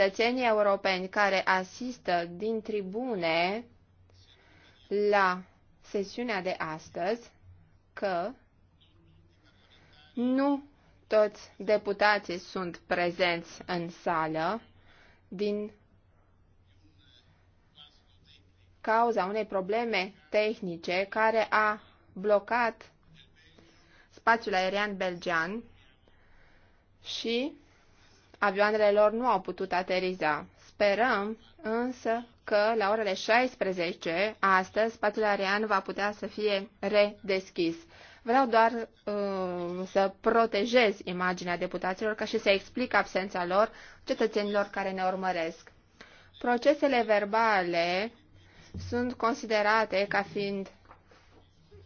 cetățenii europeni care asistă din tribune la sesiunea de astăzi că nu toți deputații sunt prezenți în sală din cauza unei probleme tehnice care a blocat spațiul aerian belgian și avioanele lor nu au putut ateriza. Sperăm însă că la orele 16 astăzi spațiul aerian va putea să fie redeschis. Vreau doar uh, să protejez imaginea deputaților ca și să explic absența lor cetățenilor care ne urmăresc. Procesele verbale sunt considerate ca fiind